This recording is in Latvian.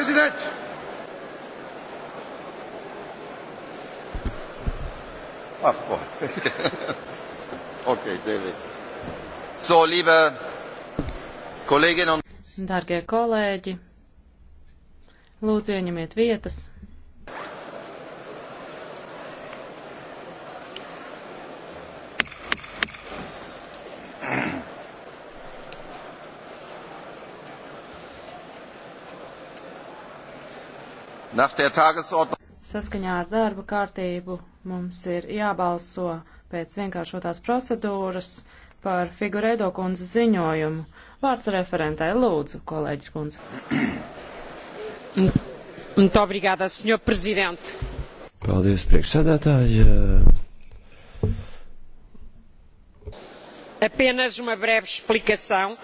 President. Ach boah. okay, David. So, liebe Kolleginnen und Darbie kolēģi, lūdzu ieņemiet vietas. Saskaņā ar darba kārtību mums ir jābalso pēc vienkāršotās procedūras par Figureido kundzes ziņojumu. Vārds referentai lūdzu, kolēģis kundze. Obrigada, senjor prezident. Paldies, priekšsēdētāji. Apenas uma breve explicação.